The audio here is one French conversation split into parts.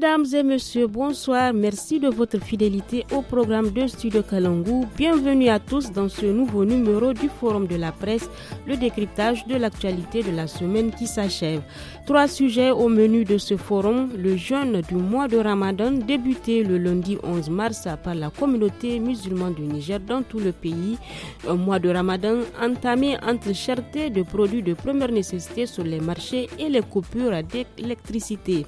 Mesdames et messieurs, bonsoir. Merci de votre fidélité au programme de Studio Kalangou. Bienvenue à tous dans ce nouveau numéro du Forum de la presse, le décryptage de l'actualité de la semaine qui s'achève. Trois sujets au menu de ce forum. Le jeûne du mois de Ramadan débuté le lundi 11 mars par la communauté musulmane du Niger dans tout le pays. Un mois de Ramadan entamé entre cherté de produits de première nécessité sur les marchés et les coupures d'électricité.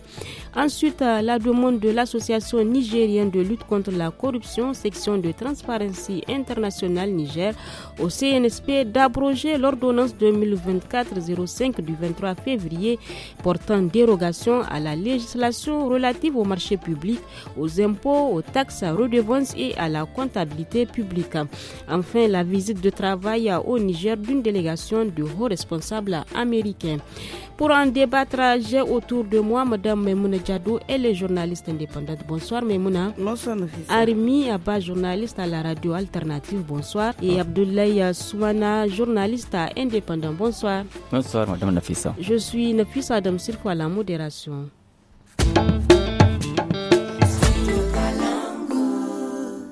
Ensuite, la demande de l'association nigérienne de lutte contre la corruption, section de Transparency internationale Niger, au CNSP d'abroger l'ordonnance 2024-05 du 23 février portant dérogation à la législation relative au marché public aux impôts, aux taxes, à redevances et à la comptabilité publique. Enfin, la visite de travail au Niger d'une délégation de hauts responsables américains. Pour en débattre, j'ai autour de moi Mme Memouna Diado, et les journalistes indépendante. Bonsoir Memouna. Bonsoir Nafisa. Armi Abba, journaliste à la radio alternative. Bonsoir. Et Abdoulaye Souana, journaliste indépendant. Bonsoir. Bonsoir Madame Nafisa. Je suis Nafisa Madame Sirfo la modération.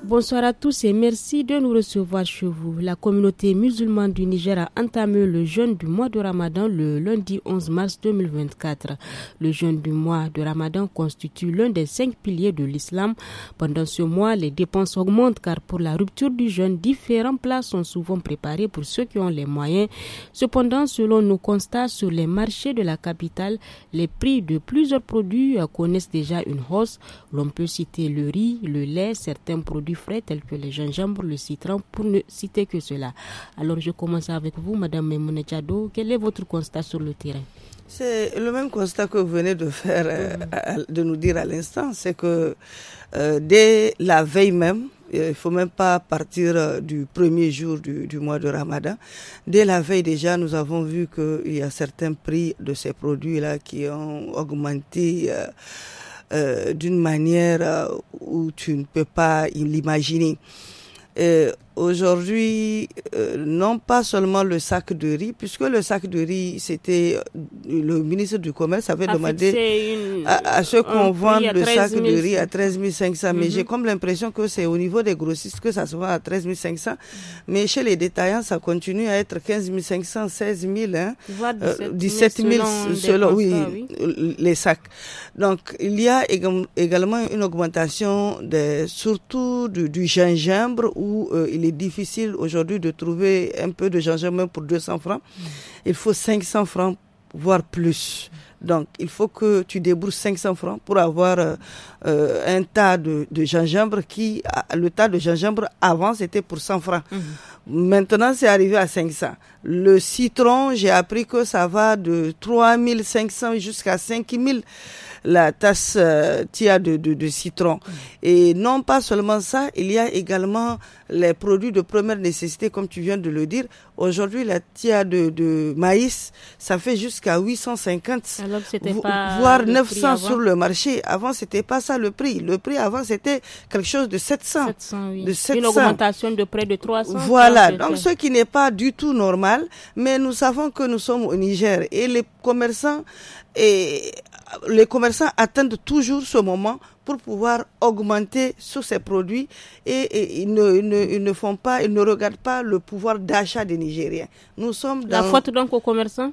Bonsoir à tous et merci de nous recevoir chez vous. La communauté musulmane du Niger a entamé le jeûne du mois de Ramadan le lundi 11 mars 2024. Le jeûne du mois de Ramadan constitue l'un des cinq piliers de l'islam. Pendant ce mois, les dépenses augmentent car pour la rupture du jeûne, différents plats sont souvent préparés pour ceux qui ont les moyens. Cependant, selon nos constats sur les marchés de la capitale, les prix de plusieurs produits connaissent déjà une hausse. L'on peut citer le riz, le lait, certains produits frais tels que les gingembre, le citron, pour ne citer que cela. Alors je commence avec vous, Madame Memoune Quel est votre constat sur le terrain c'est le même constat que vous venez de faire, euh, de nous dire à l'instant, c'est que euh, dès la veille même, euh, il faut même pas partir du premier jour du, mois de Ramadan. Dès la veille déjà, nous avons vu qu'il y a certains prix de ces produits-là qui ont augmenté. Euh, d'une manière euh, où tu ne peux pas l'imaginer. Euh, aujourd'hui, euh, non pas seulement le sac de riz, puisque le sac de riz, c'était euh, le ministre du Commerce avait demandé à, ce ceux qu'on vende le sac de riz à 13 500. Mais mhm. j'ai comme l'impression que c'est au niveau des grossistes que ça se vend à 13 500. Mais chez les détaillants, ça continue à être 15 500, 16 000, 17 000 selon, oui, les sacs. Donc, il y a également une augmentation de surtout du, gingembre où euh, il est difficile aujourd'hui de trouver un peu de gingembre pour 200 francs. Il faut 500 francs, voire plus. Donc, il faut que tu débourses 500 francs pour avoir euh, un tas de, gingembre qui, le tas de gingembre avant, c'était pour 100 francs. Mhm. Maintenant, c'est arrivé à 500. Le citron, j'ai appris que ça va de 3500 jusqu'à 5000 la tasse euh, de, citron. Et non pas seulement ça, il y a également les produits de première nécessité, comme tu viens de le dire. Aujourd'hui, la tia de, de maïs, ça fait jusqu'à 850, Alors voire 900 sur le marché. Avant, c'était pas ça le prix. Le prix avant, c'était quelque chose de 700. 700 oui. De 700. Une augmentation de près de 300. Voilà. Donc, euh, ce qui n'est pas du tout normal mais nous savons que nous sommes au Niger et les commerçants et les commerçants attendent toujours ce moment pour pouvoir augmenter sur ces produits et, ils, ne, font pas, ils ne regardent pas le pouvoir d'achat des Nigériens. Nous sommes La faute donc aux commerçants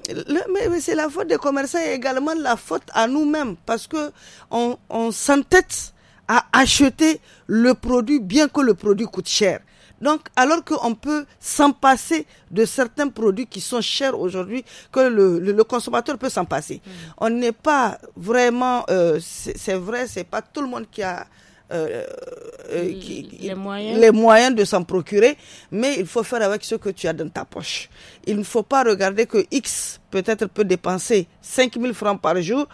Mais, c'est la faute des commerçants et également la faute à nous-mêmes parce que on s'entête à acheter le produit bien que le produit coûte cher. Donc, alors qu'on peut s'en passer de certains produits qui sont chers aujourd'hui, que le, le, consommateur peut s'en passer. Mm. On n'est pas vraiment, euh, c'est vrai, c'est pas tout le monde qui a euh, euh qui, les, moyens. les, moyens. de s'en procurer, mais il faut faire avec ce que tu as dans ta poche. Il ne faut pas regarder que X peut-être peut dépenser 5000 francs par jour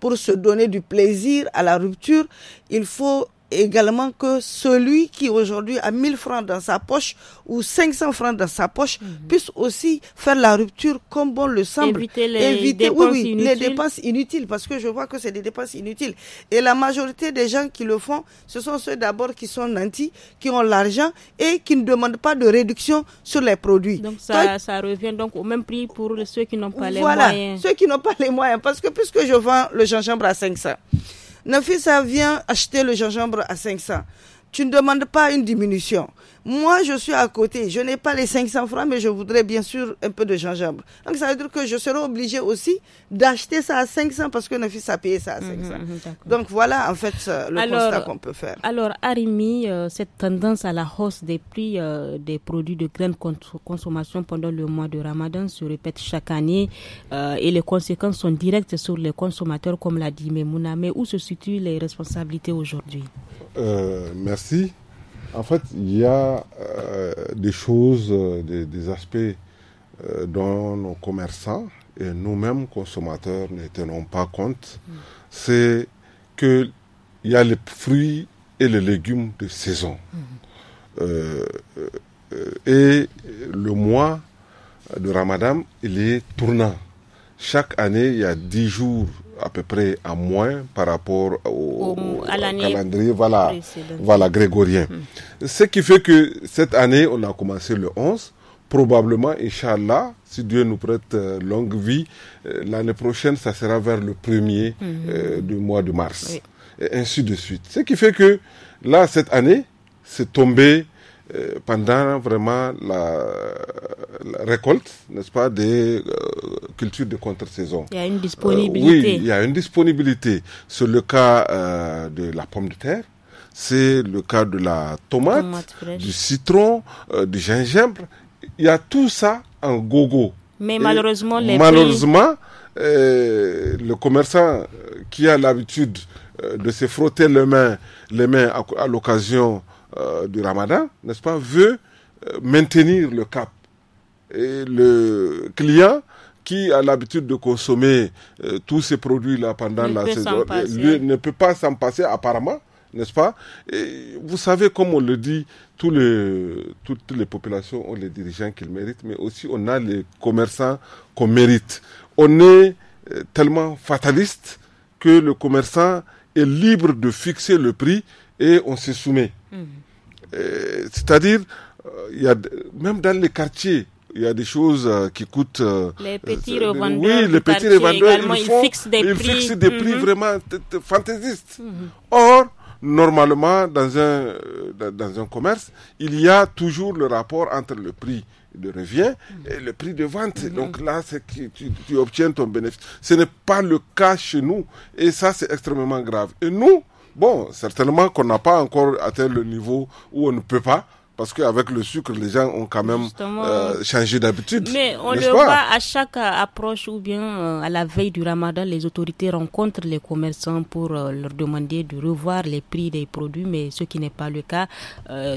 pour se donner du plaisir à la rupture. Il faut également que celui qui aujourd'hui a 1000 francs dans sa poche ou 500 francs dans sa poche mhm. puisse aussi faire la rupture comme bon le semble. Éviter les, dépenses, oui, inutiles. les dépenses inutiles parce que je vois que c'est des dépenses inutiles. Et la majorité des gens qui le font, ce sont ceux d'abord qui sont nantis, qui ont l'argent et qui ne demandent pas de réduction sur les produits. Donc ça, ça revient donc au même prix pour ceux qui n'ont pas les moyens. Voilà, ceux qui n'ont pas les moyens parce que puisque je vends le gingembre à 500, Nafisa vient acheter le gingembre à 500. Tu ne demandes pas une diminution. Moi, je suis à côté. Je n'ai pas les 500 francs, mais je voudrais bien sûr un peu de gingembre. Donc, ça veut dire que je serai obligé aussi d'acheter ça à 500 parce que ne fils a payé ça à 500. Mhm, mhm, Donc, voilà en fait euh, le constat qu'on peut faire. Alors, Arimi, euh, cette tendance à la hausse des prix euh, des produits de grande consommation pendant le mois de Ramadan se répète chaque année et les conséquences sont directes sur les consommateurs, comme l'a dit Memouna. Mais où se situent les responsabilités aujourd'hui Merci. En fait, il y a euh, des choses, euh, des, aspects euh, dont nos commerçants et nous-mêmes consommateurs ne tenons pas compte. Mm. C'est qu'il y a les fruits et les légumes de saison. Mm. et le mois de Ramadan, il est tournant. Chaque année, il y a 10 jours à peu près à moins par rapport au, calendrier voilà, voilà, grégorien. Hmm. Ce qui fait que cette année, on a commencé le 11. Probablement, Inch'Allah, si Dieu nous prête euh, longue vie, euh, l'année prochaine, ça sera vers le 1er hmm. euh, du mois de mars. Et ainsi de suite. Ce qui fait que là, cette année, c'est tombé euh, pendant vraiment la, récolte, n'est-ce pas, des euh, cultures de contre-saison. Il y a une euh, disponibilité. oui, il y a une disponibilité. C'est le cas de la pomme de terre c'est le cas de la tomate, du citron, du gingembre. Il y a tout ça en gogo. Mais malheureusement, les malheureusement, le commerçant qui a l'habitude de se frotter les mains, les mains à l'occasion euh, du ramadan, n'est-ce pas, veut euh, maintenir le cap. Et le client qui a l'habitude de consommer euh, tous ces produits-là pendant la saison, ne peut pas s'en passer apparemment, n'est-ce pas Et Vous savez, comme on le dit, toutes les populations ont les dirigeants qu'ils méritent, mais aussi on a les commerçants qu'on mérite. On est tellement fataliste que le commerçant est libre de fixer le prix et on se soumet. Euh, c'est-à-dire, euh, il y a, même dans les quartiers, il y a des choses euh, qui coûtent. les petits revendeurs. Oui, les petits revendeurs. Ils, fixent des prix, mhm. vraiment fantaisistes. Mhm. Or, normalement, dans un, dans un commerce, il y a toujours le rapport entre le prix de revient et le prix de vente. Mhm. Donc là, c'est que tu, tu obtiens ton bénéfice. Ce n'est pas le cas chez nous. Et ça, c'est extrêmement grave. Et nous, Bon, certainement qu'on n'a pas encore atteint le niveau où on ne peut pas, parce qu'avec le sucre, les gens ont quand même euh, changé d'habitude. Mais on le voit à chaque approche ou bien euh, à la veille du ramadan, les autorités rencontrent les commerçants pour euh, leur demander de revoir les prix des produits, mais ce qui n'est pas le cas.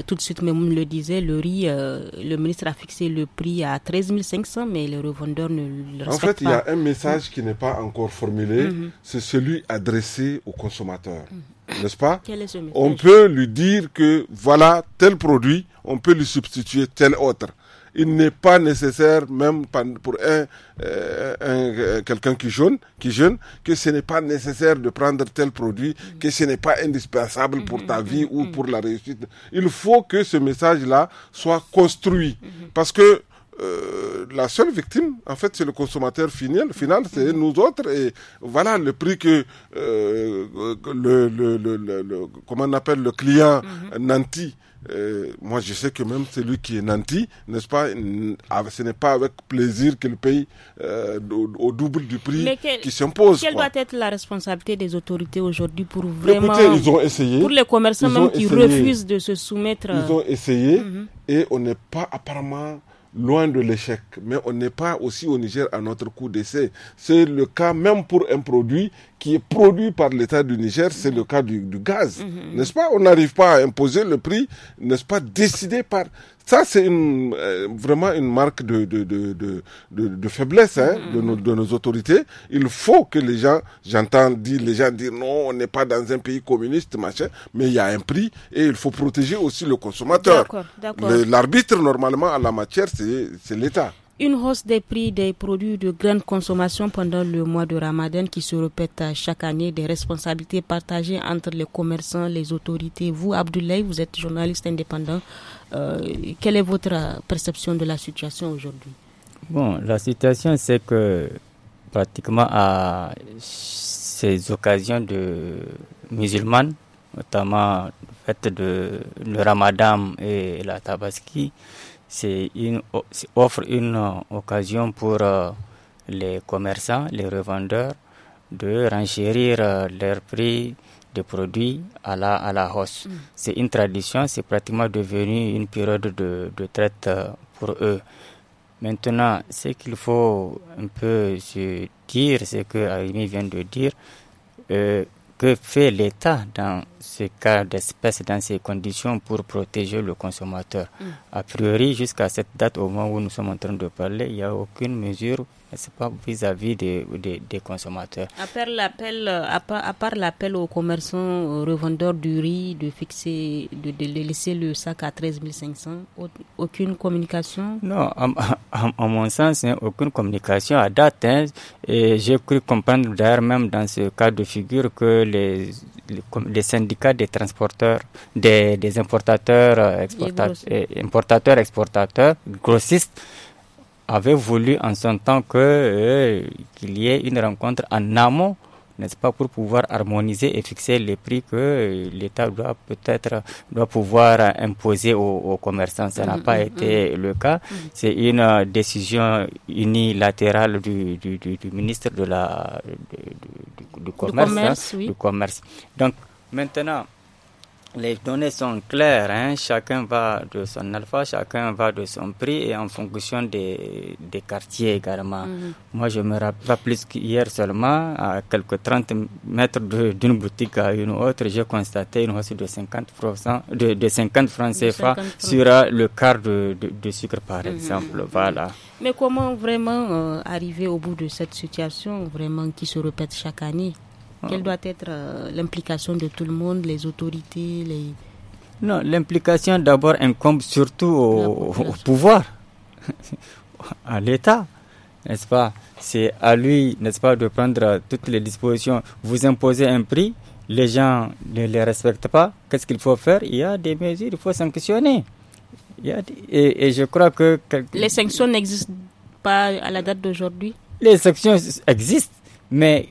tout de suite, même le disait, le riz, le ministre a fixé le prix à 13 500, mais les revendeurs ne le respectent pas. En fait, il y a un message qui n'est pas encore formulé, mhm. c'est celui adressé aux consommateurs. Mhm n'est-ce pas On peut lui dire que voilà tel produit, on peut lui substituer tel autre. Il n'est pas nécessaire, même pour un, euh, euh, quelqu'un qui jeûne, qui jeûne, que ce n'est pas nécessaire de prendre tel produit, que ce n'est pas indispensable pour ta mm-hmm. vie ou mm-hmm. pour la réussite. Il faut que ce message-là soit construit, mm-hmm. parce que euh, la seule victime, en fait, c'est le consommateur final, final c'est nous autres. Et voilà le prix que euh, le, le, le, le, comment on appelle le client mhm. nanti. Euh, moi, je sais que même celui qui est nanti, n'est-ce pas, ah, ce n'est pas avec plaisir qu'il paye au, double du prix qui s'impose. Quelle doit être la responsabilité des autorités aujourd'hui pour vraiment. Pour les commerçants même qui refusent de se soumettre. Ils ont essayé mhm. et on n'est pas apparemment loin de l'échec, mais on n'est pas aussi au Niger à notre coup d'essai. C'est le cas même pour un produit qui est produit par l'État du Niger, c'est le cas du, gaz, mhm. n'est-ce pas On n'arrive pas à imposer le prix, n'est-ce pas, décidé par... Ça, c'est une, euh, vraiment une marque de, de, de, faiblesse hein, de, nos, de nos autorités. Il faut que les gens, j'entends dire, les gens dire non, on n'est pas dans un pays communiste, machin, mais il y a un prix et il faut protéger aussi le consommateur. L'arbitre, normalement, à la matière, c'est l'État. Une hausse des prix des produits de grande consommation pendant le mois de Ramadan qui se répète chaque année, des responsabilités partagées entre les commerçants, les autorités. Vous, Abdoulaye, vous êtes journaliste indépendant. Euh, quelle est votre euh, perception de la situation aujourd'hui Bon, la situation, c'est que pratiquement à ces occasions de musulmanes, notamment fête de le Ramadan et la Tabaski, c'est une, offre une euh, occasion pour euh, les commerçants, les revendeurs de renchérir euh, leur prix des produits à la, à la hausse. Mm. C'est une tradition, c'est pratiquement devenu une période de, de traite pour eux. Maintenant, ce qu'il faut un peu se dire, c'est que Aïmi vient de dire, que fait l'État dans ce cas d'espèce dans ces conditions pour protéger le consommateur. A priori, jusqu'à cette date, au moment où nous sommes en train de parler, il n'y a aucune mesure vis-à-vis des, consommateurs. À part l'appel, à part, l'appel aux commerçants, revendeurs du riz de fixer, de, laisser le sac à 13 500, aucune communication Non, à, mon sens, hein, aucune communication à date. Hein. et j'ai cru comprendre d'ailleurs même dans ce cas de figure que les, les, les syndicats des transporteurs, des, importateurs, euh, exportateurs, euh, importateurs, exportateurs, grossistes, avait voulu en son temps que euh, qu'il y ait une rencontre en amont, n'est-ce pas, pour pouvoir harmoniser et fixer les prix que l'État doit peut-être doit pouvoir imposer aux, commerçants. Ça n'a mmh, pas mmh, été mmh. le cas. C'est une décision unilatérale du, ministre de la du, commerce, hein, commerce. Donc Maintenant, les données sont claires, hein. chacun va de son alpha, chacun va de son prix et en fonction des, des quartiers également. Mhm. Moi, je me rappelle plus qu'hier seulement, à quelques 30 mètres d'une boutique à une autre, j'ai constaté une hausse de 50%, de, 50 francs CFA sur euh, le quart de, de, sucre, par mhm. exemple. Voilà. Mais comment vraiment euh, arriver au bout de cette situation vraiment qui se répète chaque année ah. Quelle doit être euh, l'implication de tout le monde, les autorités les... Non, l'implication d'abord incombe surtout au, pouvoir, à l'État, n'est-ce pas C'est à lui, n'est-ce pas, de prendre toutes les dispositions. Vous imposez un prix, les gens ne les respectent pas. Qu'est-ce qu'il faut faire Il y a des mesures, il faut sanctionner. et, je crois que... Les sanctions n'existent pas à la date d'aujourd'hui Les sanctions existent, mais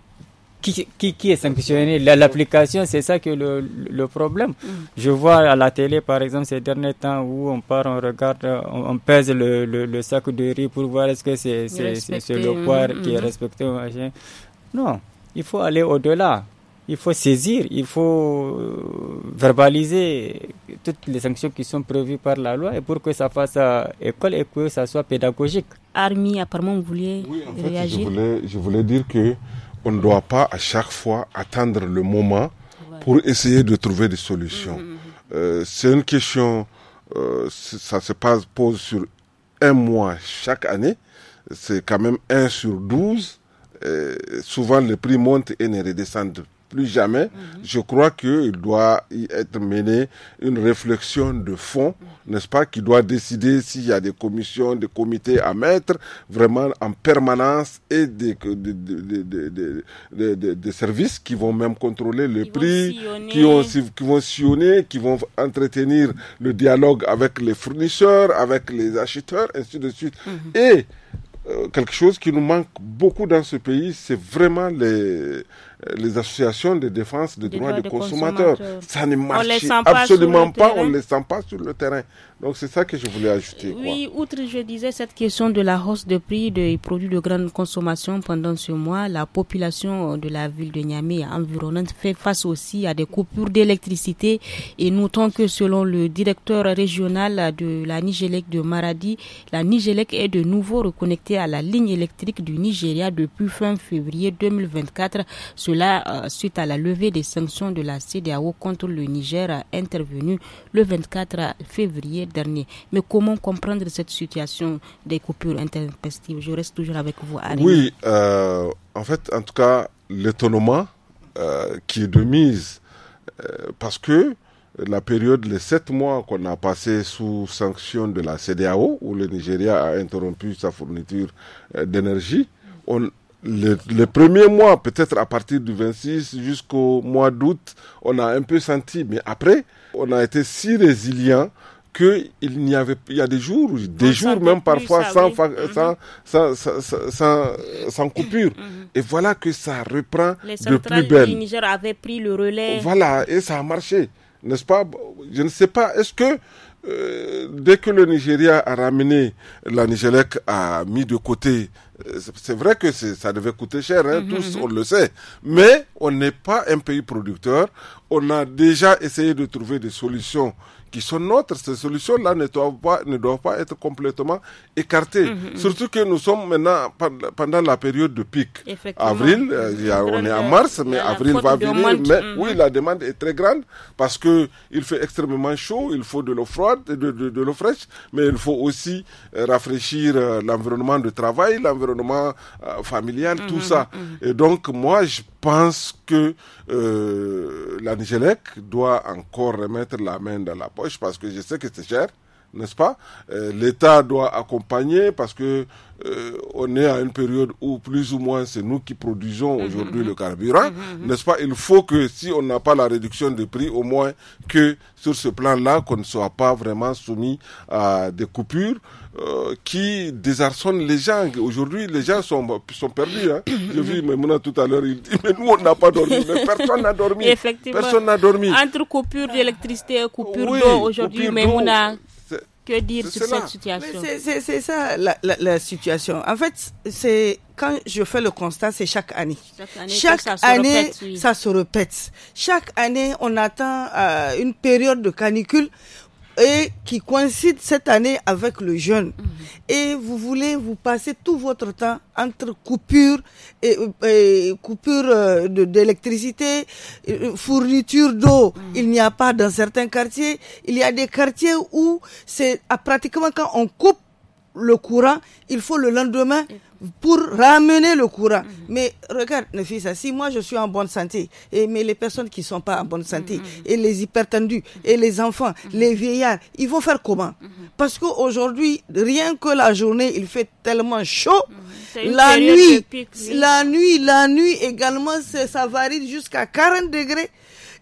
qui, qui, est sanctionné L'application, c'est ça que le, le problème. Mm. Je vois à la télé, par exemple, ces derniers temps où on part, on regarde, on, pèse le, le, sac de riz pour voir est-ce que c'est le poids mm, qui est mm, respecté. Machin. Non, il faut aller au-delà. Il faut saisir, il faut euh, verbaliser toutes les sanctions qui sont prévues par la loi et pour que ça fasse à euh, école et que ça soit pédagogique. Armie, apparemment, vous vouliez réagir. Je voulais, je voulais dire que on ne doit pas à chaque fois attendre le moment pour essayer de trouver des solutions. Mm-hmm. Euh, c'est une question, euh, ça se passe, pose sur un mois chaque année. C'est quand même 1 sur 12. souvent, les prix montent et ne redescendent plus jamais, mhm. je crois qu'il doit y être mené une réflexion de fond, mhm. n'est-ce pas, qui doit décider s'il y a des commissions, des comités à mettre vraiment en permanence et des, des, des, des services qui vont même contrôler le prix, qui, vont sillonner, qui vont entretenir le dialogue avec les fournisseurs, avec les acheteurs, ainsi de suite. Mhm. Et euh, quelque chose qui nous manque beaucoup dans ce pays, c'est vraiment les, euh, les associations de défense des, droits, des consommateurs. Ça ne marche absolument pas, on ne les sent pas sur le terrain. Donc c'est ça que je voulais ajouter. Oui, outre, je disais, cette question de la hausse de prix des produits de grande consommation pendant ce mois, la population de la ville de Niamey environnante fait face aussi à des coupures d'électricité et notons que selon le directeur régional de la Nigélec de Maradi, la Nigélec est de nouveau reconnectée à la ligne électrique du Nigeria depuis fin février 2024, cela euh, suite à la levée des sanctions de la CDAO contre le Niger intervenue le 24 février dernier. Mais comment comprendre cette situation des coupures intempestives Je reste toujours avec vous, Harry. Oui, euh, en fait, en tout cas, l'étonnement euh, qui est de mise, euh, parce que la période, les sept mois qu'on a passé sous sanction de la CDAO, où le Nigeria a interrompu sa fourniture d'énergie, on, le, premier mois, peut-être à partir du 26 jusqu'au mois d'août, on a un peu senti, mais après, on a été si résilients que il n'y avait il y a des jours des jours même parfois mhm. sans, sans, sans, coupure mhm. et voilà que ça reprend le de plus belle du Niger avait pris le relais voilà et ça a marché n'est-ce pas je ne sais pas est-ce que euh, dès que le Nigeria a ramené la Nigélec a mis de côté, euh, c'est vrai que ça devait coûter cher, hein, mhm, tous on le sait, mais on n'est pas un pays producteur. On a déjà essayé de trouver des solutions qui sont nôtres, ces solutions-là ne, doivent pas, ne doivent pas être complètement écartées. Mhm, mhm. Surtout que nous sommes maintenant pendant la période de pic. Avril, euh, on est en mars, mais avril va venir. Mais mhm. oui, la demande est très grande parce que il fait extrêmement chaud, il faut de l'eau froide, de, de, l'eau fraîche, mais il faut aussi euh, rafraîchir euh, l'environnement de travail, l'environnement familial, tout ça. Et donc, moi, je pense que euh, la Nigelec doit encore remettre la main dans la poche parce que je sais que c'est cher n'est-ce pas euh, L'État doit accompagner parce que euh, on est à une période où plus ou moins c'est nous qui produisons mhm, aujourd'hui mhm. le carburant, mhm, n'est-ce pas Il faut que si on n'a pas la réduction des prix, au moins que sur ce plan-là, qu'on ne soit pas vraiment soumis à des coupures euh, qui désarçonnent les gens. Aujourd'hui, les gens sont, sont perdus. Hein. J'ai vu maintenant tout à l'heure, il dit, mais nous, on n'a pas dormi. Mais personne n'a dormi. Effectivement. Personne n'a dormi. Entre coupure d'électricité et coupure d'eau aujourd'hui, mais que dire sur cette situation C'est ça la, situation. En fait, c'est quand je fais le constat, c'est chaque année. Chaque année, ça, se répète, Chaque année, on attend euh, une période de canicule et qui coïncide cette année avec le jeûne. Mhm. Et vous voulez vous passer tout votre temps entre coupures et, coupures euh, d'électricité, euh, fourniture d'eau. Mhm. Il n'y a pas dans certains quartiers. Il y a des quartiers où c'est pratiquement quand on coupe le courant, il faut le lendemain pour ramener le courant. Mhm. mais regarde Mais regarde, ça si moi je suis en bonne santé, et, mais les personnes qui sont pas en bonne santé, mhm, mhm. et les hypertendus, et les enfants, les vieillards, ils vont faire comment Parce qu'aujourd'hui, rien que la journée, il fait tellement chaud. La nuit, la nuit, la nuit également, ça varie jusqu'à 40 degrés.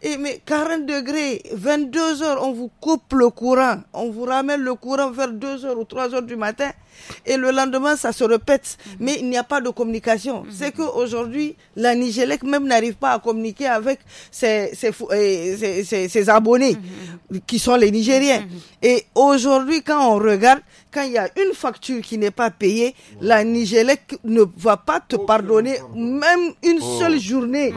Et mais 40 degrés, 22 heures, on vous coupe le courant, on vous ramène le courant vers 2 heures ou 3 heures du matin. Et le lendemain, ça se répète. Mhm. Mais il n'y a pas de communication. Mhm. C'est qu'aujourd'hui, la Nigélec même n'arrive pas à communiquer avec ses, ses, abonnés, mhm. qui sont les Nigériens. Et aujourd'hui, quand on regarde, quand il y a une facture qui n'est pas payée, la Nigélec ne va pas te pardonner même une oh. seule journée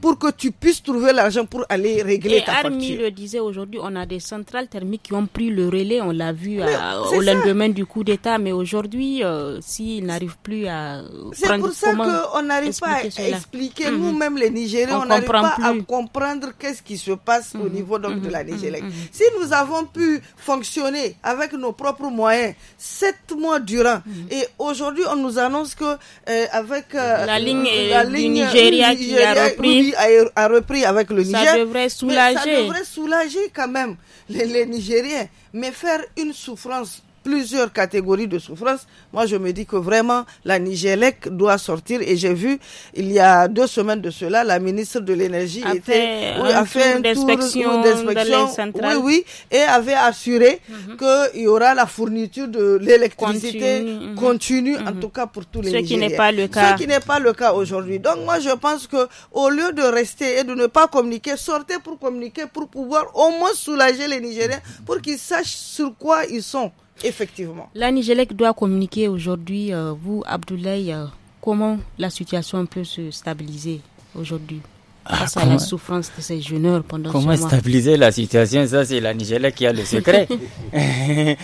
pour que tu puisses trouver l'argent pour aller régler Et ta Armi le disait aujourd'hui, on a des centrales thermiques qui ont pris le relais, on l'a vu euh, au lendemain du coup d'État, mais aujourd'hui, euh, s'ils n'arrivent plus à. C'est pour ça qu'on n'arrive pas à expliquer, mhm. nous-mêmes les Nigériens, on n'arrive pas à comprendre qu'est-ce qui se passe au mhm. niveau donc, de mhm. la Nigérie. Si nous avons pu fonctionner avec nos propres moyens sept mois durant, et aujourd'hui on nous annonce que euh, avec euh, la ligne, du Nigeria, qui a repris, avec le Niger, ça devrait soulager, quand même les Nigériens, mais faire une souffrance plusieurs catégories de souffrance. Moi, je me dis que vraiment, la Nigélec doit sortir. Et j'ai vu, il y a deux semaines de cela, la ministre de l'Énergie a fait oui, un tour d'inspection. Oui, oui, et avait assuré mhm. qu'il y aura la fourniture de l'électricité continue, mhm. en mhm. tout cas pour tous les Nigériens. Ce qui n'est pas le cas. Ce qui n'est pas le cas aujourd'hui. Donc, moi, je pense que au lieu de rester et de ne pas communiquer, sortez pour communiquer, pour pouvoir au moins soulager les Nigériens, pour qu'ils sachent sur quoi ils sont. Effectivement. La Nigélec doit communiquer aujourd'hui. Euh, vous, Abdoulaye, euh, comment la situation peut se stabiliser aujourd'hui ah, face à la souffrance de ces jeunes pendant Comment ce mois. stabiliser la situation Ça, c'est la Nigélec qui a le secret.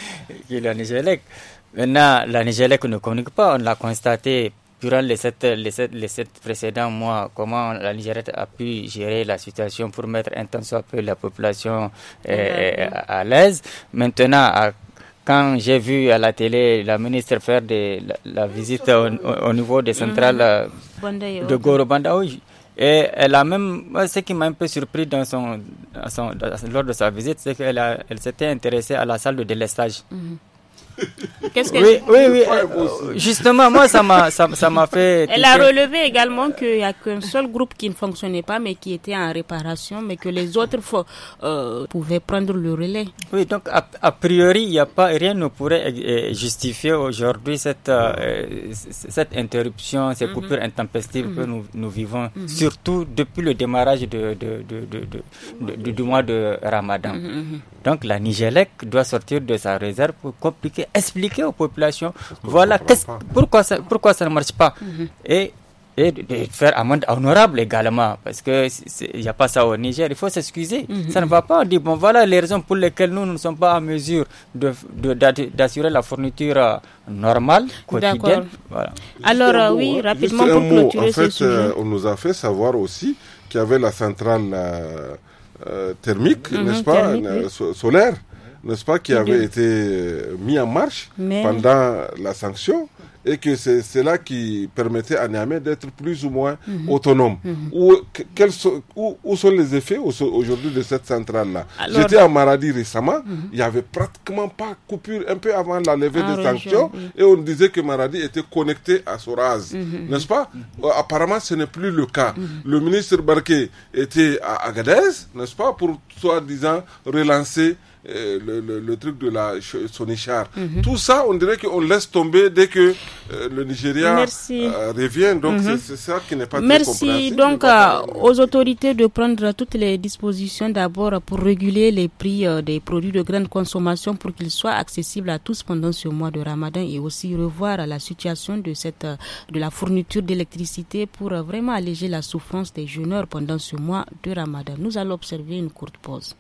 la Nigélec. Maintenant, la Nigélec ne communique pas. On l'a constaté durant les sept, les, sept, les précédents mois, comment la Nigélec a pu gérer la situation pour mettre un temps soit peu la population euh, ah, à l'aise. Maintenant, à quand j'ai vu à la télé la ministre faire de, la, visite au, niveau des centrales mhm. euh, de Goro et elle même, ce qui m'a un peu surpris dans son, lors de sa visite, c'est qu'elle s'était intéressée à la salle de délestage. Mhm. Qu'est-ce que oui, oui, oui. justement, moi, ça m'a, ça, m'a fait. Elle a relevé également qu'il n'y a qu'un seul groupe qui ne fonctionnait pas, mais qui était en réparation, mais que les autres euh, pouvaient prendre le relais. Oui, donc a, priori, il y a pas, rien ne pourrait euh, justifier aujourd'hui cette euh, cette interruption, ces mhm. coupures intempestives que mhm. nous, nous vivons, mhm. surtout depuis le démarrage de, du mois de Ramadan. Donc la Nigelec doit sortir de sa réserve pour compliquer expliquer aux populations, voilà quest pourquoi, ça, pourquoi ça ne marche pas. Mhm. Et de faire amende honorable également, parce qu'il n'y a pas ça au Niger. Il faut s'excuser. Mhm. Ça ne va pas. On dit, bon, voilà les raisons pour lesquelles nous ne sommes pas en mesure d'assurer de, la fourniture euh, normale, quotidienne. Alors, euh, oui, rapidement pour clôturer fait, euh, on nous a fait savoir aussi qu'il y avait la centrale thermique, mhm, n'est-ce pas, solaire n'est-ce pas, qui avait été euh, mis en marche pendant la sanction et que c'est cela qui permettait à Niamey d'être plus ou moins mhm. autonome. Mhm. où, quels sont, où, sont les effets aujourd'hui de cette centrale-là J'étais à Maradi récemment, mhm. il n'y avait pratiquement pas coupure un peu avant la levée ah des sanctions et on disait que Maradi était connecté à Soraz, n'est-ce pas euh, Apparemment, ce n'est plus le cas. Le ministre Barquet était à Agadez, n'est-ce pas, pour soi-disant relancer euh, le, truc de la Sonichar. Mhm. Tout ça, on dirait qu'on laisse tomber dès que euh, le Nigeria euh, revient. Donc, mhm. c'est ça qui n'est pas Merci. donc, aux autorités de prendre toutes les dispositions d'abord pour réguler les prix des produits de grande consommation pour qu'ils soient accessibles à tous pendant ce mois de Ramadan et aussi revoir la situation de, cette, de la fourniture d'électricité pour vraiment alléger la souffrance des jeûneurs pendant ce mois de Ramadan. Nous allons observer une courte pause.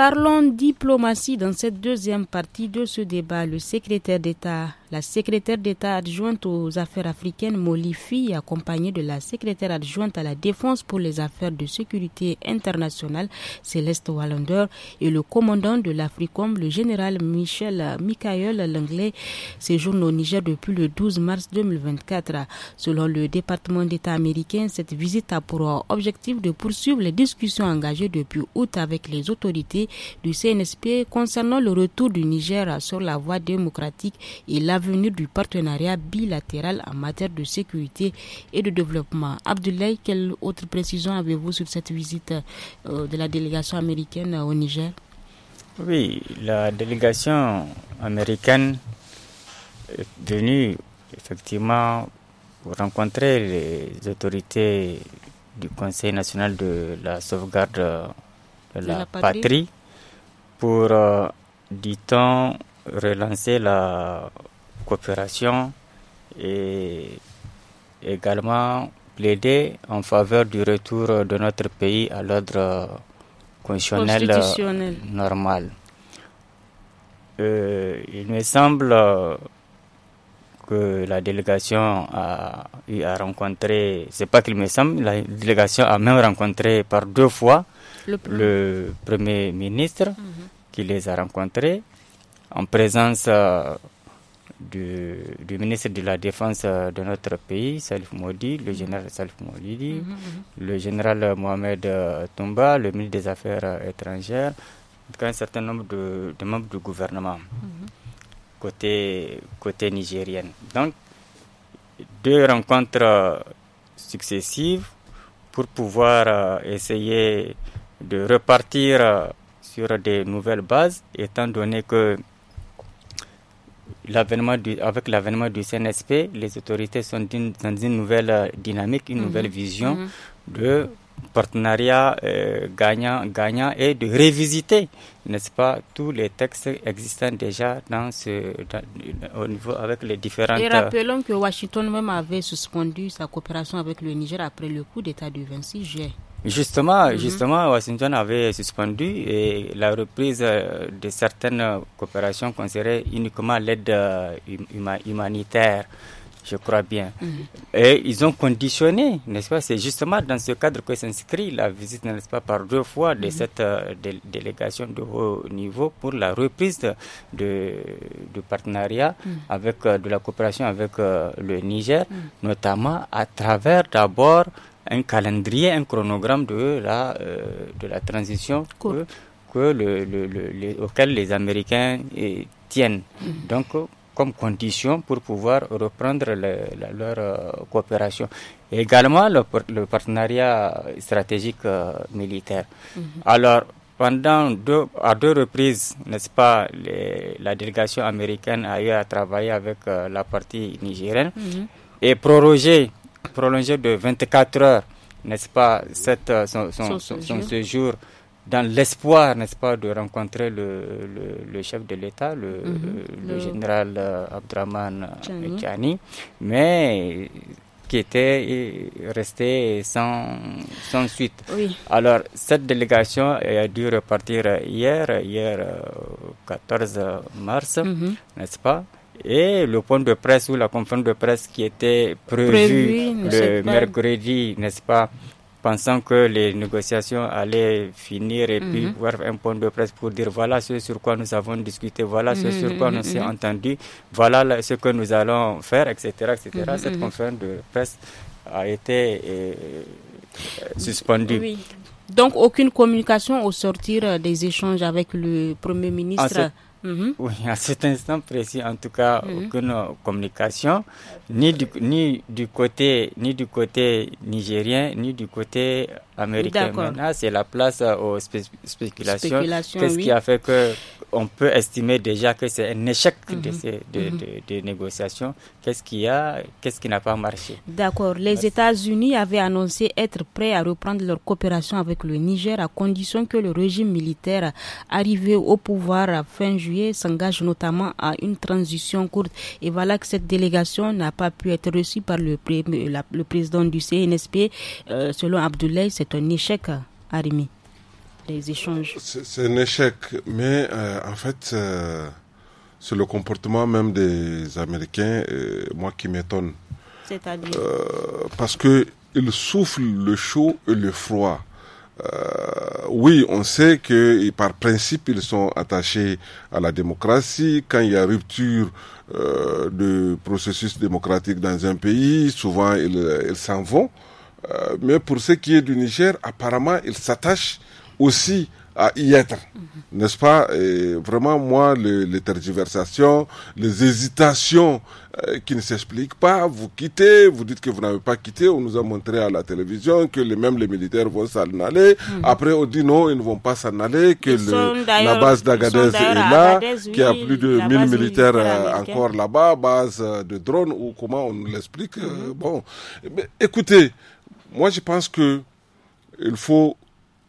Parlons diplomatie dans cette deuxième partie de ce débat. Le secrétaire d'État la secrétaire d'État adjointe aux affaires africaines Molly Molifi, accompagnée de la secrétaire adjointe à la défense pour les affaires de sécurité internationale Céleste Wallander et le commandant de l'Africom, le général Michel Michael Langlais, séjourne au Niger depuis le 12 mars 2024. Selon le département d'État américain, cette visite a pour objectif de poursuivre les discussions engagées depuis août avec les autorités du CNSP concernant le retour du Niger sur la voie démocratique et la venu du partenariat bilatéral en matière de sécurité et de développement. Abdoulaye, quelle autre précision avez-vous sur cette visite euh, de la délégation américaine au Niger Oui, la délégation américaine est venue effectivement pour rencontrer les autorités du Conseil national de la sauvegarde de, la, patrie, pour, euh, dit-on, relancer la coopération et également plaider en faveur du retour de notre pays à l'ordre constitutionnel, normal. Euh, il me semble que la délégation a eu à rencontrer, c'est pas qu'il me semble, la délégation a même rencontré par deux fois le, premier, ministre mhm. qui les a rencontrés en présence euh, du, ministre de la Défense euh, de notre pays, Salif Moudi, le général Salif Moudi, mhm, mhm. le général Mohamed euh, Tomba, le ministre des Affaires euh, étrangères, un certain nombre de, membres du gouvernement mhm. côté, côté nigérien. Donc, deux rencontres successives pour pouvoir essayer de repartir sur des nouvelles bases, étant donné que avec l'avènement du CNSP, les autorités sont dans une nouvelle euh, dynamique, une nouvelle mhm. vision mhm. de partenariat euh, gagnant, gagnant et de révisiter, n'est-ce pas, tous les textes existants déjà dans ce, au niveau avec les différentes. Et rappelons que Washington même avait suspendu sa coopération avec le Niger après le coup d'État du 26 juillet. Justement, mhm. justement, Washington avait suspendu et la reprise euh, de certaines coopérations concernées uniquement l'aide euh, hum, humanitaire, je crois bien. Mhm. Et ils ont conditionné, n'est-ce pas C'est justement dans ce cadre que s'inscrit la visite, n'est-ce pas, par deux fois de mhm. cette euh, délégation de haut niveau pour la reprise de, partenariat avec de la coopération avec le Niger, notamment à travers d'abord un calendrier, un chronogramme de la, euh, de la transition que, que le, le, le, auquel les Américains eh, tiennent. Mhm. Donc, comme condition pour pouvoir reprendre leur euh, coopération. Et également le, partenariat stratégique euh, militaire. Mhm. Alors, pendant deux, à deux reprises, n'est-ce pas, la délégation américaine a eu à travailler avec la partie nigérienne mhm. et proroger Prolongé de 24 heures, n'est-ce pas, cette, euh, son, séjour dans l'espoir, n'est-ce pas, de rencontrer le, le, chef de l'État, le, mhm. le, général euh, Abdraman euh, Chani, mais qui était resté sans, sans suite. Oui. Alors, cette délégation a dû repartir hier, hier 14 mars, mhm. n'est-ce pas et le point de presse ou la conférence de presse qui était prévue, le mercredi, n'est-ce pas, pensant que les négociations allaient finir et puis mhm. voir un point de presse pour dire voilà ce sur quoi nous avons discuté, voilà ce mhm, sur quoi mhm, nous s'est entendu, voilà ce que nous allons faire, etc. etc. Cette conférence de presse a été euh, suspendue. Donc aucune communication au sortir euh, des échanges avec le Premier ministre. Mm-hmm. Oui, à cet instant précis, en tout cas, mm-hmm. aucune communication ni du, ni du côté ni du côté nigérien ni du côté américain. Maintenant, c'est la place euh, aux spéculations. Qu'est-ce qui a fait que on peut estimer déjà que c'est un échec de mhm. ces mhm. de, de, négociations Qu'est-ce qui a qu'est-ce qui n'a pas marché D'accord. Les États-Unis avaient annoncé être prêts à reprendre leur coopération avec le Niger à condition que le régime militaire arrivé au pouvoir à fin juillet s'engage notamment à une transition courte. Et voilà que cette délégation n'a pas pu être reçu par le, le président du CNSP. Euh, selon Abdoulaye, c'est un échec Arimi, les échanges. C'est un échec, mais euh, en fait, euh, c'est le comportement même des Américains, moi qui m'étonne. C'est-à-dire Parce qu'ils soufflent le chaud et le froid. Euh, oui, on sait que par principe, ils sont attachés à la démocratie. Quand il y a rupture euh, de processus démocratique dans un pays, souvent ils s'en vont. Euh, mais pour ce qui est du Niger, apparemment, ils s'attachent aussi à y être. N'est-ce pas Et Vraiment, moi, les, tergiversations, les hésitations euh, qui ne s'expliquent pas, vous quittez, vous dites que vous n'avez pas quitté, on nous a montré à la télévision que même les militaires vont s'en aller. Mhm. Après, on dit non, ils ne vont pas s'en aller, que la base d'Agadez est là, qu'il y a plus de 1000 militaires euh, encore là-bas, base euh, de drones, ou comment on nous l'explique. Mhm. bon, écoutez, moi, je pense que il faut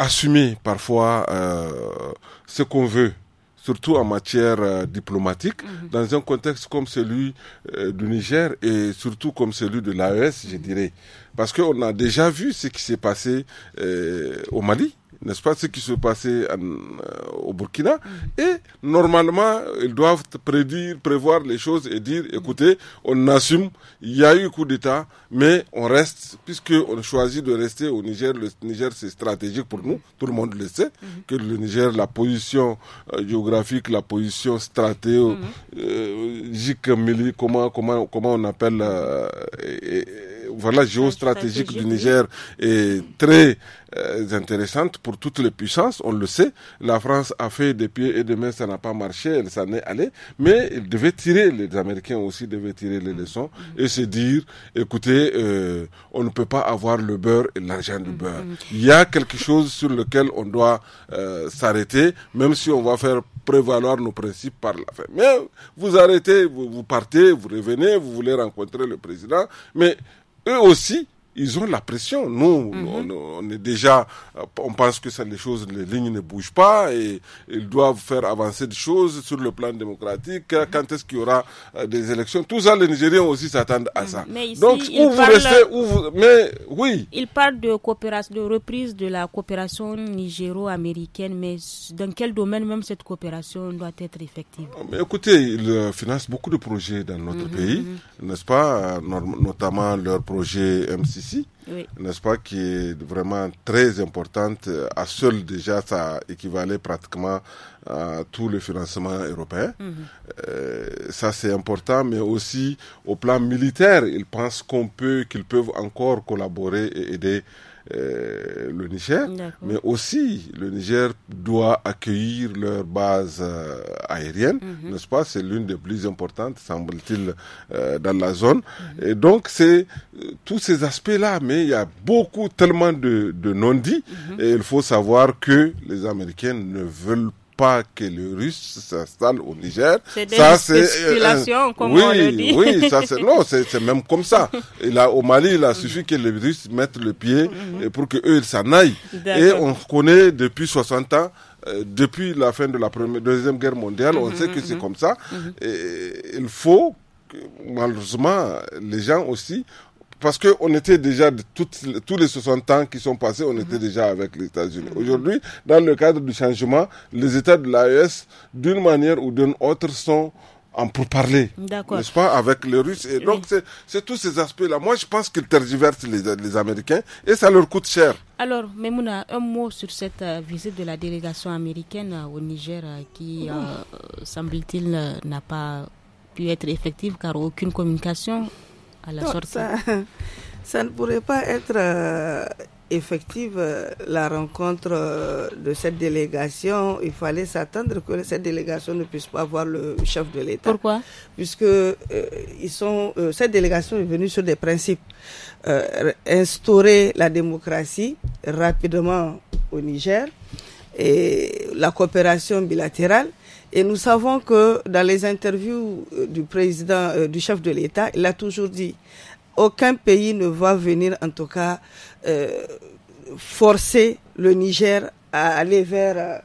assumer parfois euh, ce qu'on veut surtout en matière euh, diplomatique, mhm. dans un contexte comme celui euh, du Niger et surtout comme celui de l'AES, je dirais. Parce qu'on a déjà vu ce qui s'est passé au Mali n'est-ce pas, ce qui se passait euh, au Burkina. Mm. Et normalement, ils doivent prédire, prévoir les choses et dire, mm. écoutez, on assume, il y a eu coup d'État, mais on reste, puisqu'on choisit de rester au Niger. Le Niger, c'est stratégique pour nous, tout le monde le sait, mm-hmm. que le Niger, la position euh, géographique, la position stratégique, mm-hmm. euh, comment, comment, comment on appelle, et, voilà, géostratégique du Niger est très euh, intéressante pour toutes les puissances, on le sait. La France a fait des pieds et des mains, ça n'a pas marché, elle s'en est allée, mais elle devait tirer, les Américains aussi devaient tirer les leçons et se dire, écoutez, euh, on ne peut pas avoir le beurre et l'argent du beurre. Mm, Il y a quelque chose sur lequel on doit euh, s'arrêter, même si on va faire prévaloir nos principes par la fin. Mais vous arrêtez, vous, vous partez, vous revenez, vous voulez rencontrer le président, mais eux aussi ils ont la pression. Nous, mhm. on, est déjà, euh, on pense que ça, les choses, les lignes ne bougent pas et ils doivent faire avancer des choses sur le plan démocratique. Mhm. Quand est-ce qu'il y aura euh, des élections Tout ça, les Nigériens aussi s'attendent à mhm. ça. Mais Donc, où vous restez, mais oui. Il parle de coopération, de reprise de la coopération nigéro-américaine, mais dans quel domaine même cette coopération doit être effective mais Écoutez, ils euh, financent beaucoup de projets dans notre pays, n'est-ce pas Notamment leur projet MC ici, n'est-ce pas, qui est vraiment très importante. Euh, à seul déjà, ça équivalait pratiquement à tout le financement européen. Mhm. Euh, ça, c'est important, mais aussi au plan militaire, ils pensent qu'on peut, qu'ils peuvent encore collaborer et aider euh, le Niger, mais aussi le Niger doit accueillir leur base euh, aérienne, mhm. n'est-ce pas C'est l'une des plus importantes, semble-t-il, euh, dans la zone. Mhm. Et donc, c'est tous ces aspects-là, mais il y a beaucoup, tellement de, non-dits, mhm. et il faut savoir que les Américains ne veulent pas que le russe s'installe au Niger. C'est des ça, euh, euh, comme oui, on le dit. Oui, ça c'est non, c'est même comme ça. Et là, au Mali, il a suffi que les Russes mettent le pied mhm. pour que eux s'en aillent. Et on connaît depuis 60 ans. Euh, depuis la fin de la première, deuxième guerre mondiale, on mhm, sait que c'est mhm. comme ça. il faut malheureusement, les gens aussi parce qu'on était déjà, de toutes, tous les 60 ans qui sont passés, on était mhm. déjà avec les États-Unis. Mhm. Aujourd'hui, dans le cadre du changement, les États de l'AES, d'une manière ou d'une autre, sont en pourparler, n'est-ce pas, avec les Russes. Et donc, c'est tous ces aspects-là. Moi, je pense qu'ils tergiversent les, les Américains et ça leur coûte cher. Alors, Memouna, un mot sur cette euh, visite de la délégation américaine euh, au Niger euh, qui, semble-t-il, n'a pas pu être effective car aucune communication ça, ne pourrait pas être euh, effective euh, la rencontre euh, de cette délégation. Il fallait s'attendre que cette délégation ne puisse pas voir le chef de l'État. Pourquoi Puisque ils sont, cette délégation est venue sur des principes. instaurer la démocratie rapidement au Niger et la coopération bilatérale et nous savons que dans les interviews euh, du président, euh, du chef de l'État, il a toujours dit aucun pays ne va venir, en tout cas, euh, forcer le Niger à aller vers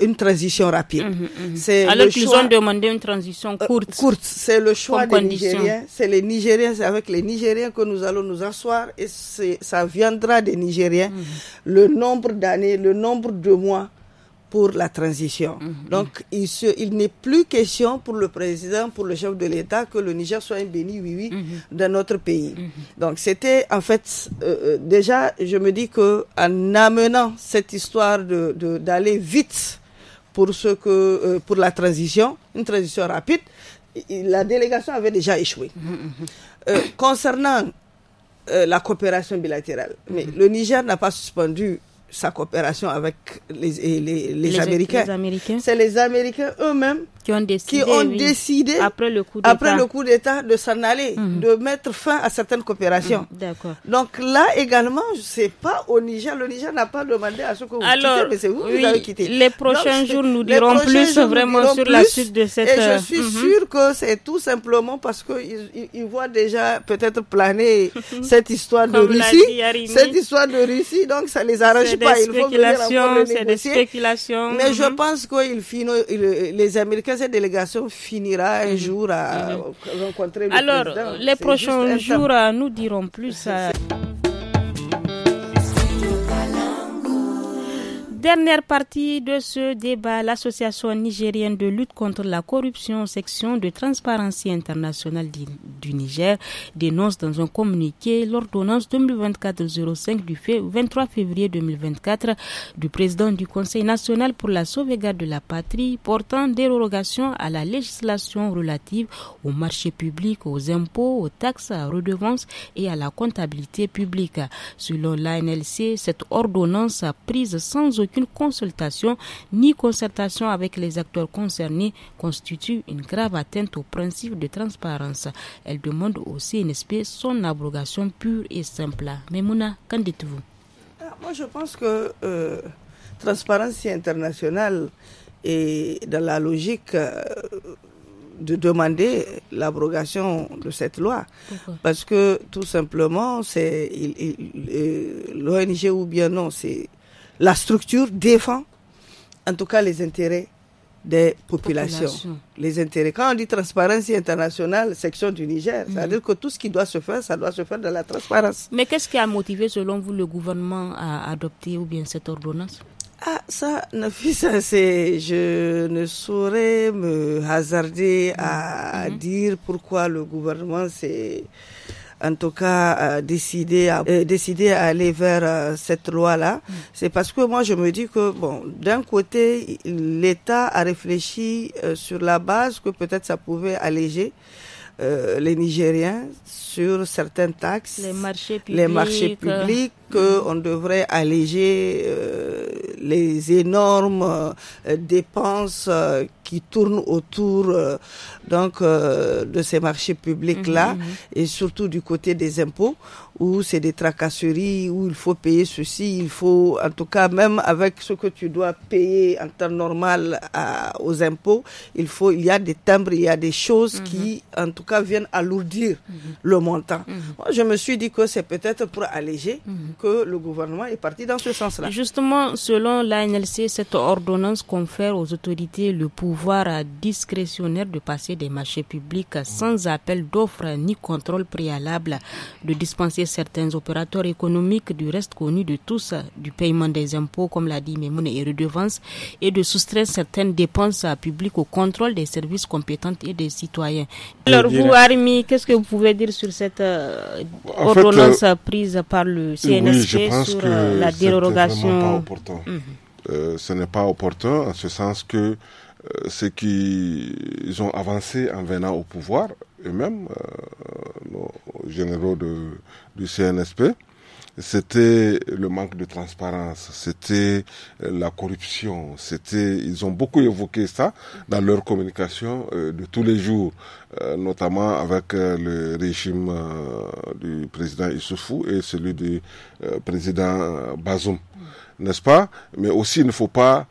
une transition rapide. Mhm, mhm. Alors qu'ils ont demandé une transition courte. courte, c'est le choix des Nigériens. C'est les Nigériens, c'est avec les Nigériens que nous allons nous asseoir et ça viendra des Nigériens. Mhm. Le nombre d'années, le nombre de mois pour la transition. Mhm, mhm. Donc, il, il n'est plus question pour le président, pour le chef de l'État, que le Niger soit un béni, oui, oui, mhm. dans notre pays. Donc, c'était en fait, euh, euh, déjà, je me dis que en amenant cette histoire d'aller de, d'aller vite pour, ce que, euh, pour la transition, une transition rapide, la délégation avait déjà échoué. concernant la coopération bilatérale, mais le Niger n'a pas suspendu sa coopération avec les, les, Américains. C'est les Américains eux-mêmes qui ont décidé, qui ont décidé après le coup d'État de s'en aller, mhm. de mettre fin à certaines coopérations. Mhm. Donc là également, je sais pas au Niger, le Niger n'a pas demandé à ce que vous vous quitté. Les prochains jours nous dirons plus vraiment sur la suite de cette. Et je euh, suis sûr mhm. sûre que c'est tout simplement parce qu'ils ils, voient déjà peut-être planer cette histoire de Russie, cette histoire de Russie. Donc ça les arrange spéculations, c'est des spéculations. Mais je hein. pense que les Américains, cette délégation finira un mhm. jour à mhm. rencontrer le Alors, les prochains jours, euh, nous dirons plus. dernière partie de ce débat, l'Association nigérienne de lutte contre la corruption, section de transparence internationale du Niger, dénonce dans un communiqué l'ordonnance 2024-05 du 23 février 2024 du président du Conseil national pour la sauvegarde de la patrie portant dérogation à la législation relative aux marchés publics, aux impôts, aux taxes, à redevances et à la comptabilité publique. Selon l'ANLC, cette ordonnance a prise sans aucune consultation ni concertation avec les acteurs concernés constitue une grave atteinte au principe de transparence. Elle demande au CNSP son abrogation pure et simple. Mais Mouna, qu'en dites-vous ah, Moi, je pense que euh, Transparence internationale est dans la logique. Euh, de demander l'abrogation de cette loi. Parce que tout simplement, c'est euh, l'ONG ou bien non, c'est la structure défend en tout cas les intérêts des populations. Les intérêts. Quand on dit transparence internationale, section du Niger, ça mhm. c'est-à-dire que tout ce qui doit se faire, ça doit se faire dans la transparence. Mais qu'est-ce qui a motivé, selon vous, le gouvernement à adopter ou bien cette ordonnance ah, ça, c'est, je ne saurais me hasarder à mhm. dire pourquoi le gouvernement s'est en tout cas euh, décidé à euh, décider à aller vers euh, cette loi-là, mm. c'est parce que moi je me dis que bon, d'un côté, l'État a réfléchi sur la base que peut-être ça pouvait alléger. les Nigériens sur certaines taxes, les marchés publics, les mm. que on devrait alléger les énormes dépenses qui tournent autour euh, donc euh, de ces marchés publics là mhm, mhm. et surtout du côté des impôts où c'est des tracasseries où il faut payer ceci, il faut en tout cas même avec ce que tu dois payer en temps normal aux impôts, il faut il y a des timbres, il y a des choses mhm. qui en tout cas viennent alourdir le montant. Moi, je me suis dit que c'est peut-être pour alléger que le gouvernement est parti dans ce sens-là. Justement, selon l'ANLC, cette ordonnance confère aux autorités le pouvoir à discrétionnaire de passer des marchés publics sans appel d'offres ni contrôle préalable, de dispenser certains opérateurs économiques du reste connu de tous du paiement des impôts, comme l'a dit Mémoune et Redevance, et de soustraire certaines dépenses publiques au contrôle des services compétents et des citoyens. Alors vous, Armi, qu'est-ce que vous pouvez dire sur cette euh, ordonnance euh, prise par le CNSP sur euh, la dérogation mhm. ce n'est pas opportun en ce sens que euh, ce qu'ils ont avancé en venant au pouvoir, eux-mêmes, euh, nos généraux de, du CNSP, c'était le manque de transparence, c'était euh, la corruption, c'était ils ont beaucoup évoqué ça dans leur communication de tous les jours, notamment avec le régime du président Issoufou et celui du président Bazoum, n'est-ce pas Mais aussi il ne faut pas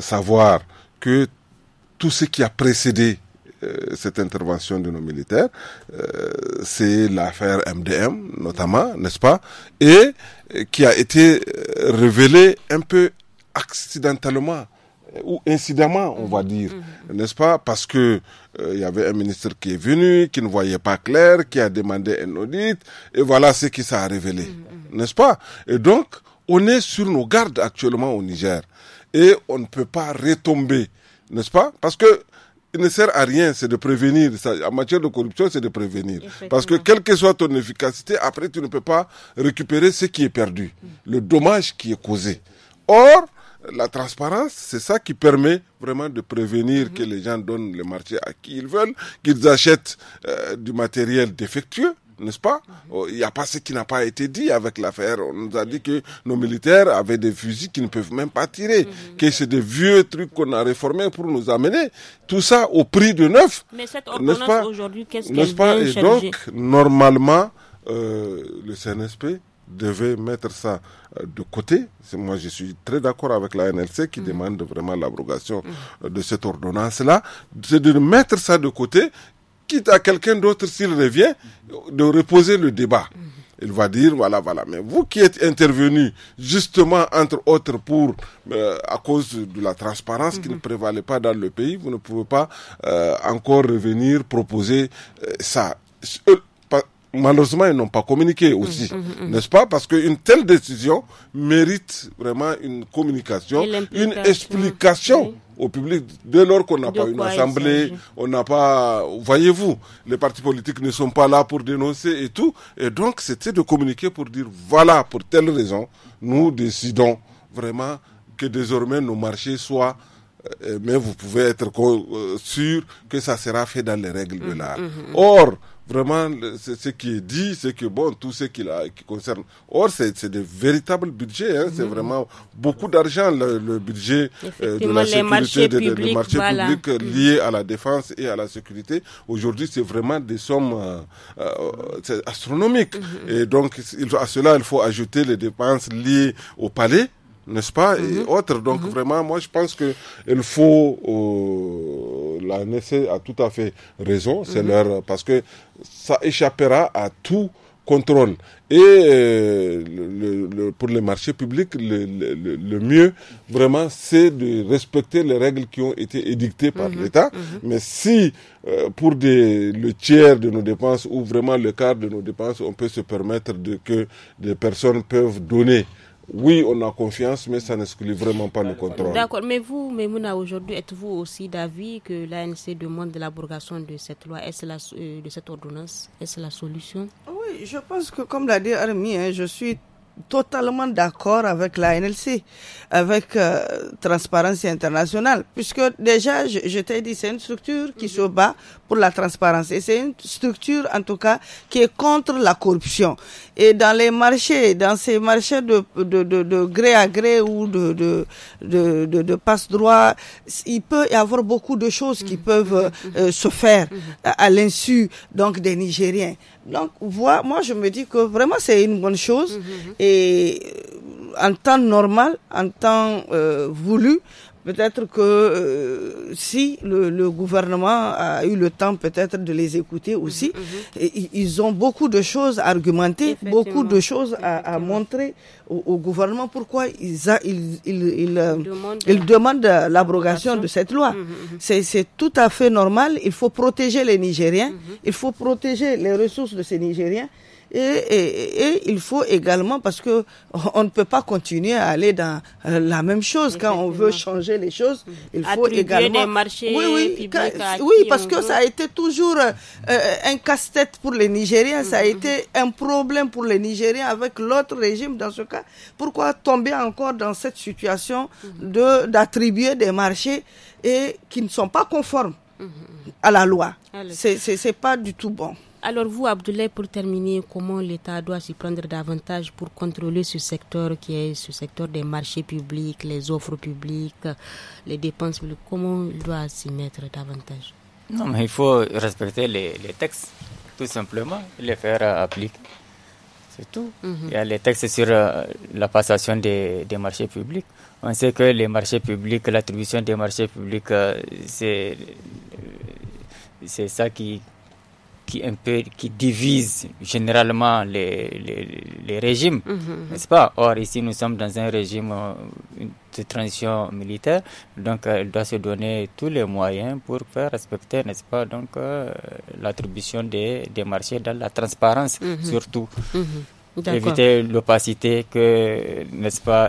savoir que tout ce qui a précédé euh, cette intervention de nos militaires, euh, c'est l'affaire MDM notamment, n'est-ce pas, et euh, qui a été révélée un peu accidentellement ou incidemment, on va mhm. dire, mhm. n'est-ce pas, parce que il y avait un ministre qui est venu, qui ne voyait pas clair, qui a demandé un audit, et voilà ce qui s'est révélé, mhm, n'est-ce pas Et donc, on est sur nos gardes actuellement au Niger, et on ne peut pas retomber n'est-ce pas Parce que il ne sert à rien, c'est de prévenir. en matière de corruption, c'est de prévenir. Parce que quelle que soit ton efficacité, après, tu ne peux pas récupérer ce qui est perdu, le dommage qui est causé. Or, la transparence, c'est ça qui permet vraiment de prévenir mhm. que les gens donnent le marché à qui ils veulent, qu'ils achètent euh, du matériel défectueux, n'est-ce pas oh, Il n'y a pas ce qui n'a pas été dit avec l'affaire. On nous a dit que nos militaires avaient des fusils qui ne peuvent même pas tirer, que c'est des vieux trucs qu'on a réformés pour nous amener. Tout ça au prix de neuf. Mais cette ordonnance aujourd'hui, qu'est-ce qu'elle pas Et donc, normalement, euh, le CNSP devait mettre ça euh, de côté. Moi, je suis très d'accord avec la NLC qui mhm. demande vraiment l'abrogation euh, de cette ordonnance-là. C'est de mettre ça de côté quitte à quelqu'un d'autre, s'il revient, de reposer le débat. Il va dire, voilà, voilà. Mais vous qui êtes intervenu, justement, entre autres, pour, euh, à cause de la transparence qui ne prévalait pas dans le pays, vous ne pouvez pas euh, encore revenir proposer euh, ça malheureusement, ils n'ont pas communiqué aussi, mmh, mmh, mmh. n'est-ce pas Parce qu'une telle décision mérite vraiment une communication, une explication. au public dès lors qu'on n'a pas une assemblée, on n'a pas, voyez-vous, les partis politiques ne sont pas là pour dénoncer et tout. Et donc, c'était de communiquer pour dire, voilà, pour telle raison, nous décidons vraiment que désormais nos marchés soient euh, mais vous pouvez être euh, sûr que ça sera fait dans les règles de l'art. Or, vraiment, ce qui est dit, c'est que bon, tout ce qui, qui concerne. Or, c'est des véritables budgets. Hein. c'est mm-hmm. vraiment beaucoup d'argent, le, budget euh, de la sécurité, marchés de, publics, les marchés publics euh, mm-hmm. liés à la défense et à la sécurité. Aujourd'hui, c'est vraiment des sommes euh, astronomiques. Mm-hmm. Et donc, à cela, il faut ajouter les dépenses liées au palais n'est-ce pas, et autres. Donc vraiment, moi je pense que il faut la NSC a tout à fait raison, c'est mhm. leur parce que ça échappera à tout contrôle. Et euh, pour les marchés publics, le, mieux, vraiment, c'est de respecter les règles qui ont été édictées par mhm. l'État. Mhm. Mais si, euh, pour le tiers de nos dépenses ou vraiment le quart de nos dépenses, on peut se permettre de, que des personnes peuvent donner oui, on a confiance, mais ça n'exclut vraiment pas le contrôle. D'accord, mais vous, Memouna, aujourd'hui, êtes-vous aussi d'avis que l'ANC demande l'abrogation de cette loi, est -ce la, euh, de cette ordonnance Est-ce la solution Oui, je pense que, comme l'a dit Armi, hein, je suis totalement d'accord avec la NLC, avec euh, Transparence Internationale, puisque déjà, je, t'ai dit, c'est une structure qui se bat pour la transparence et c'est une structure, en tout cas, qui est contre la corruption. Et dans les marchés, dans ces marchés de, de, de, de gré à gré ou de, de, de, de, passe-droit, il peut y avoir beaucoup de choses qui mm. peuvent euh, se faire mm. à, à l'insu donc des Nigériens. Donc, voilà, moi, je me dis que vraiment, c'est une bonne chose. Mhm, mhm. Et euh, en temps normal, en temps euh, voulu, Peut-être que euh, si le, gouvernement a eu le temps peut-être de les écouter aussi, mhm, mhm. ils ont beaucoup de choses à argumenter, beaucoup de choses à, montrer au, gouvernement pourquoi ils, ils, ils, euh, demandent, l'abrogation de cette loi. Mhm, c'est tout à fait normal. Il faut protéger les Nigériens, il faut protéger les ressources de ces Nigériens. Et, il faut également, parce que on ne peut pas continuer à aller dans euh, la même chose quand on veut changer les choses. Il faut Attribuer également des marchés oui, oui, parce que ça a été toujours euh, un casse-tête pour les Nigériens, ça a mhm. été un problème pour les Nigériens avec l'autre régime dans ce cas. Pourquoi tomber encore dans cette situation mhm. de d'attribuer des marchés et qui ne sont pas conformes mhm. à la loi C'est pas du tout bon. Alors vous, Abdoulaye, pour terminer, comment l'État doit s'y prendre davantage pour contrôler ce secteur qui est ce secteur des marchés publics, les offres publiques, les dépenses publiques Comment il doit s'y mettre davantage Non, mais il faut respecter les, textes, tout simplement, les faire euh, appliquer. C'est tout. Mhm. Il y a les textes sur euh, la passation des, des marchés publics. On sait que les marchés publics, l'attribution des marchés publics, euh, c'est c'est ça qui qui un peu qui divise généralement les, régimes, mhm. n'est-ce pas Or ici nous sommes dans un régime de euh, transition militaire, donc euh, elle doit se donner tous les moyens pour faire respecter, n'est-ce pas, donc euh, l'attribution des, marchés dans la transparence mhm. surtout. Mhm. Éviter l'opacité que, n'est-ce pas,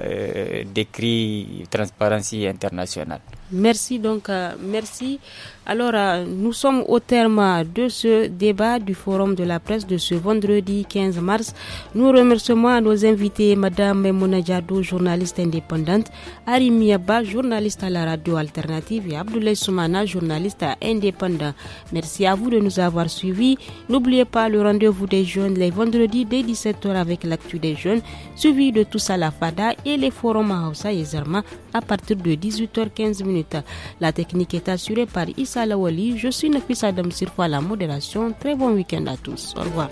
décrit Transparency International. Merci donc, euh, merci. Alors, euh, nous sommes au terme de ce débat du Forum de la presse de ce vendredi 15 mars. Nous remercions à nos invités, Madame Memona Diado, journaliste indépendante, Arimia journaliste à la radio alternative et Abdoulaye Soumana, journaliste indépendant. Merci à vous de nous avoir suivis. N'oubliez pas le rendez-vous des jeunes les vendredis dès 17h avec l'actu des jeunes, suivi de tous à la FADA et les forums à Hausa et Zerma à partir de 18h15 la technique est assurée par Issa Lawali. Je suis Nafisa Adam Sirfo à la modération. Très bon week-end à tous. Au revoir.